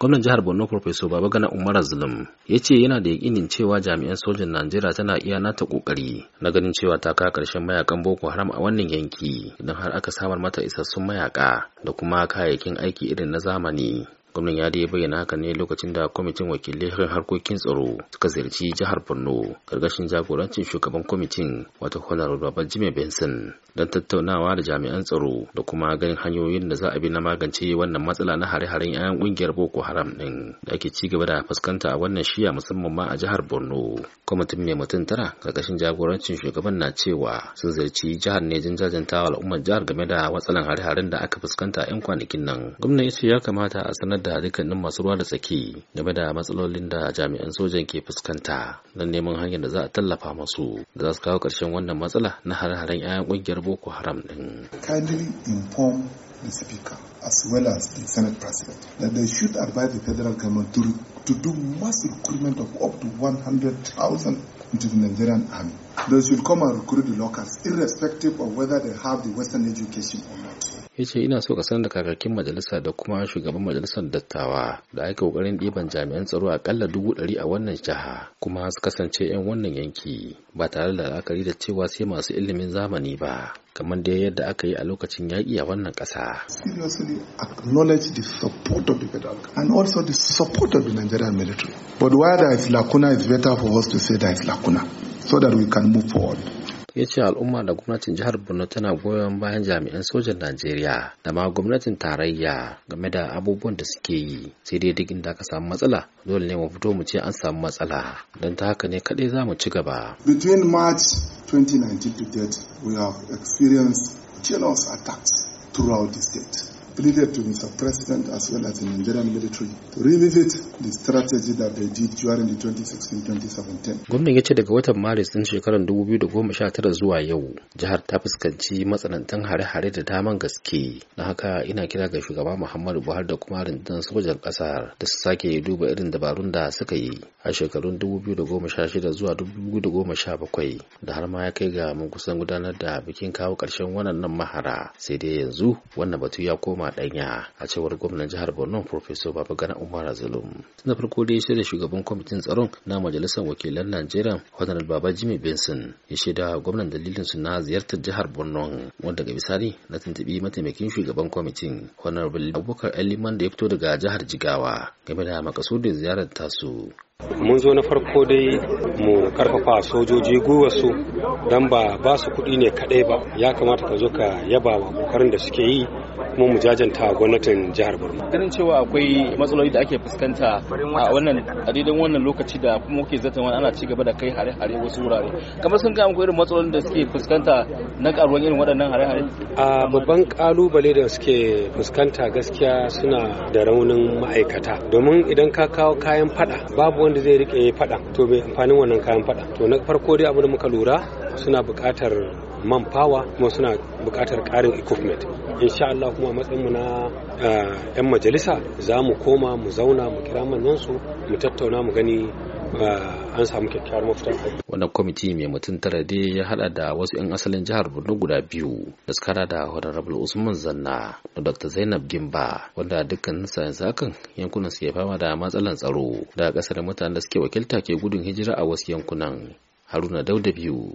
gwamnan jihar borno baba babagana umar zulum ya ce yana da yakinin cewa jami'an sojan najeriya tana iya nata ƙoƙari na ganin cewa ta kawo ƙarshen mayakan boko haram a wannan yanki idan har aka samar mata isassun mayaka da kuma kayayyakin aiki irin na zamani gwamnan ya dai bayyana haka ne lokacin da kwamitin wakilai harin harkokin tsaro suka ziyarci jihar borno gargashin jagorancin shugaban kwamitin wata honar babban jimmy benson don tattaunawa da jami'an tsaro da kuma ganin hanyoyin da za a bi na magance wannan matsala na hare-haren 'yan kungiyar boko haram din da ake ci gaba da fuskanta a wannan shiya musamman ma a jihar borno kwamitin mai mutum tara gargashin jagorancin shugaban na cewa sun ziyarci jihar ne jin jajantawa al'ummar jihar game da matsalan hare-haren da aka fuskanta 'yan kwanakin nan gwamnan ya ce ya kamata a sanar sanar da dukkanin masu ruwa da tsaki game da matsalolin da jami'an sojan ke fuskanta don neman hanyar da za a tallafa masu da za su kawo ƙarshen wannan matsala na hare-haren 'ya'yan ƙungiyar boko haram din. Kindly inform the speaker as well as the senate president that they should advise the federal government to, to do mass recruitment of up to 100,000 into the Nigerian army. They should come and recruit the locals irrespective of whether they have the western education or not. ya ce ina so ka sanar da kakakin majalisa da kuma shugaban majalisar dattawa da aka kokarin ɗiban jami'an tsaro akalla dubu ɗari a wannan jiha kuma su kasance 'yan wannan yanki ba tare da la'akari da cewa sai masu ilimin zamani ba kamar dai yadda aka yi a lokacin yaƙi a wannan ƙasa. Seriously acknowledge the support of the federal and also the support of the Nigerian military. But is lacuna, better for us to say is lacuna so that we can move forward. ya ce al'umma da gwamnatin jihar borno tana goyon bayan jami'an sojan najeriya da ma gwamnatin tarayya game da abubuwan da suke yi sai dai duk inda aka samu matsala dole ne mu fito mu ce an samu matsala don ta haka ne kaɗai za mu ci gaba between march 2019 to date we have experienced attacks throughout the state pleaded to Mr. President as well as the Nigerian military to revisit the strategy that they did during the 2016-2017. Gwamnan ya ce daga watan Maris ɗin shekarar 2019 zuwa yau, jihar ta fuskanci matsanantan hare-hare da daman gaske. Na haka ina kira ga shugaba Muhammadu Buhari da kuma rundunar sojan ƙasar da su sake duba irin dabarun da suka yi a shekarun 2016 zuwa 2017 da har ma ya kai ga mun kusan gudanar da bikin kawo ƙarshen wannan mahara. Sai dai yanzu wannan batu ya koma cuɗanya a cewar gwamnan jihar borno professor babagana umar zulum tun da farko dai shirya shugaban kwamitin tsaron na majalisar wakilan najeriya honorable baba jimmy benson ya shaida gwamnan dalilin su na ziyartar jihar borno wanda ga bisani na tuntuɓi mataimakin shugaban kwamitin honorable abubakar liman da ya fito daga jihar jigawa game da makasudin ziyarar tasu mun zo na farko dai mu karfafa sojoji su don ba ba su kuɗi ne kaɗai ba ya kamata ka zo ka yaba wa kokarin da suke yi kuma mu jajanta gwamnatin jihar Borno. Ganin cewa akwai matsaloli da ake fuskanta a wannan a wannan lokaci da kuma muke zaton wani ana ci gaba da kai hare-hare wasu wurare. Kamar sun ga muku irin matsalolin da suke fuskanta na karuwan irin waɗannan hare-hare. A babban kalubale da suke fuskanta gaskiya suna da raunin ma'aikata domin idan ka kawo kayan fada babu wanda zai rike fada to mai amfanin wannan kayan fada to na farko dai abu da muka lura suna buƙatar man fawa kuma suna buƙatar ƙarin equipment insha Allah kuma matsayinmu na yan eh, majalisa za mu koma mu zauna mu kira manyansu mu tattauna mu gani eh, an samu kyakkyawar mafita. Wannan kwamiti mai mutum tara dai ya hada da wasu 'yan asalin jihar Borno guda biyu da suka da Honorable Usman Zanna da Dr. Zainab Gimba wanda dukkanin yanzu hakan yankunan su ya fama da matsalan tsaro da kasar mutanen da suke wakilta ke gudun hijira a wasu yankunan. Haruna Dauda biyu